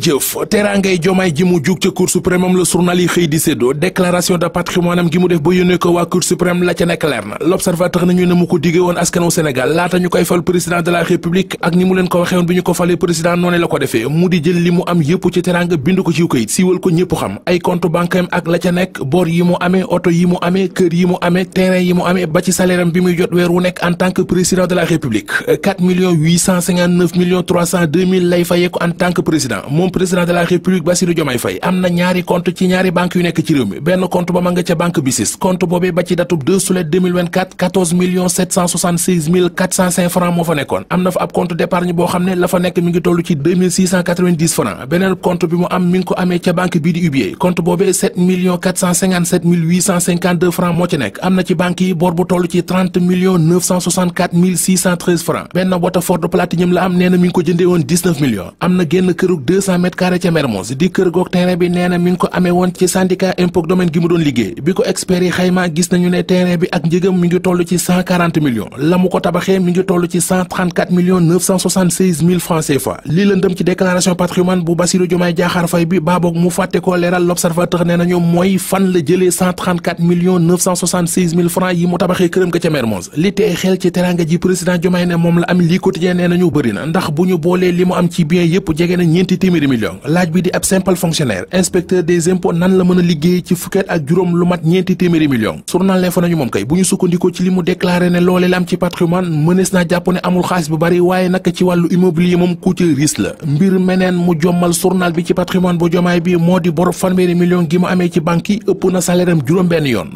jëf teraangay jomaay ji mu jug ca cour suprême la journal yi xëy di séddoo déclaration de patrimoine am mu def ba yónnee ko waa cour suprême la ca nekk leer na l'observateur nañu ne mu ko diggee woon askanu Sénégal laata ñu koy fal président de la république ak ni mu leen ko waxee bi ñu ko falee président noonu la ko defee mu di jël li mu am yëpp ci teraanga bind ko ci këyit siiwal ko ñëpp xam ay compte banque ak la ca nekk bor yi mu amee moom président de la république Bassirou Diomaye Faye am na ñaari compte ci ñaari banque yu nekk ci réew mi benn compte ba ma nga ca banque BICIS compte boobee ba ci datub sulet 2024 14 millions moo fa nekkoon am na fa ab compte d'épargne boo xam ne la fa nekk mi ngi toll ci 2690 beneen compte bi mu am mi ko amee ca banque bii di UBA compte boobee 7 millions 457 mille 852 francs moo ci nekk am na ci banque yi bor bu toll ci 30 millions 964 cent mètres ca Mermoz di kër goog terrain bi nee mi ngi ko amee woon ci syndicat impôt domaine gi mu doon liggéey bi ko expert xayma gis nañu ne terrain bi ak njëgam mi ngi toll ci millions la mu ko tabaxee mi ngi toll ci millions neuf cent soixante seize mille ci déclaration patrimoine bu Bassirou Diomaye Diakhar Faye bi baaboog mu fàtte ko leeral l'observateur nee nañu mooy fan la jëlee millions francs yi mu tabaxee këram ga ca Mermoz li tey xel ci teranga ji président téeméeri million laaj bi di ab simple fonctionnaire inspecteur des impôts nan la mën a liggéey ci fukket ak juróom lu mat ñeenti téeméeri million journal l'info nañu moom kay bu ñu sukkandikoo ci li mu déclaré ne loolee am ci patrimoine mënees naa jàpp ne amul xaalis bu bari waaye naka ci wàllu immobilier moom ku ci la mbir meneen mu jommal journal bi ci patrimoine bu jomaay bi moo di borob fanweeri million gi mu amee ci banque yi ëpp na salaire juróom benn yoon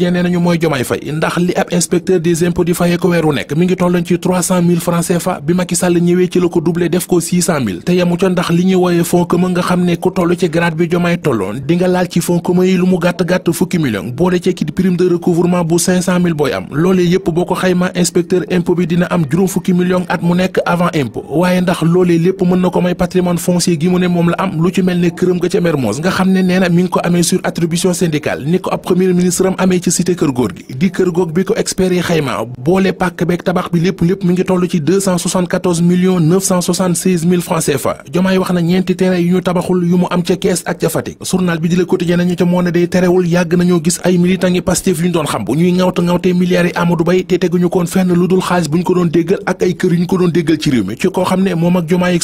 Quotidien nee nañu mooy Diomaye Faye ndax li ab inspecteur des impôts di fayee ko weeru nekk mi ngi tolloon ci 300 000 francs CFA bi Macky Sall ñëwee ci la ko doublé def ko 600 000 te yamu ca ndax li ñuy wooyee fonds nga xam ne ku toll ci grade bi Diomaye tolloon di nga laal ci fonds commun yi lu mu gàtt-gàtt fukki million boole ci kit prime de recouvrement bu 500 000 booy am loolee yëpp boo ko xayma inspecteur impôt bi dina am juróom fukki million at mu nekk avant impôt waaye ndax loolee lépp mën na ko may patrimoine foncier gi mu ne moom la am lu mel ne këram ga ca Mermoz nga xam ne nee na mi ngi ko amee sur attribution amee ci ci cité kër góor gi di kër góor bi ko experts xayma boole pàkk beeg tabax bi lépp lépp mi ngi toll ci 274 millions 976 jomaay wax na ñeenti terrain yu ñu tabaxul yu mu am ca Kees ak ca Fatick bi di Le Quotidien nañu ca moo day terewul yàgg nañoo gis ay militants yi yu ñu doon xam bu ñuy ŋawta ŋawtee milliards yi Amadou Bay te teguñu koon fenn lu dul xaalis bu ñu ko doon déggal ak ay kër yu ñu ko doon déggal ci réew mi ci koo xam ne moom ak jomaay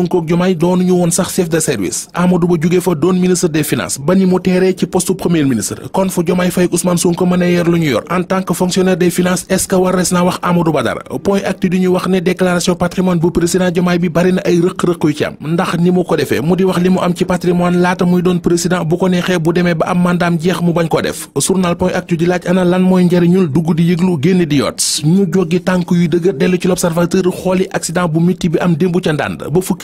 Sonko ak doonu ñu woon sax chef de service Amadou Ba jóge fa doon ministre des finances ba ni mu teeree ci poste premier ministre kon fu Diomaye Faye ak Ousmane Sonko mën a lu ñu yor en tant que fonctionnaire des finances war res naa wax Amadou Ba dara point actu di ñu wax ne déclaration patrimoine bu président Diomaye bi bari na ay rëq-rëq yu ci am ndax ni mu ko defee mu di wax li mu am ci patrimoine laata muy doon président bu ko neexee bu demee ba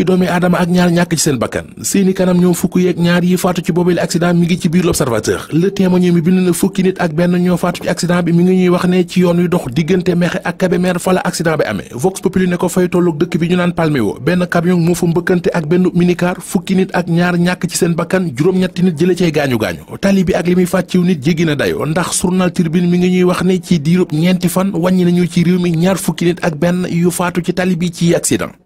doomi aadama ak ñaar ñàkk ci seen bakkan seeni kanam ñoom fukk yeeg ñaar yi faatu ci boobale accident mi ngi ci biir l'observateur le témoin mi bind na fukki nit ak benn ñoo faatu ci accident bi mi ngi ñuy wax ne ci yoon wi dox diggante Mexe ak Kébémer fa la accident bi amee Vox Populi ne ko fay tolloog dëkk bi ñu naan Palmeo benn camion moo fa mbëkkante ak benn minicar fukki nit ak ñaar ñàkk ci seen bakkan juróom-ñetti nit jële cay gaañu-gaañu tali bi ak li muy fàcciw nit jéggi na dayo ndax journal Tribune mi ngi ñuy wax ne ci diirub ñeenti fan wàññi nañu ci réew mi ñaar fukki ak benn yu faatu ci tali bi ci accident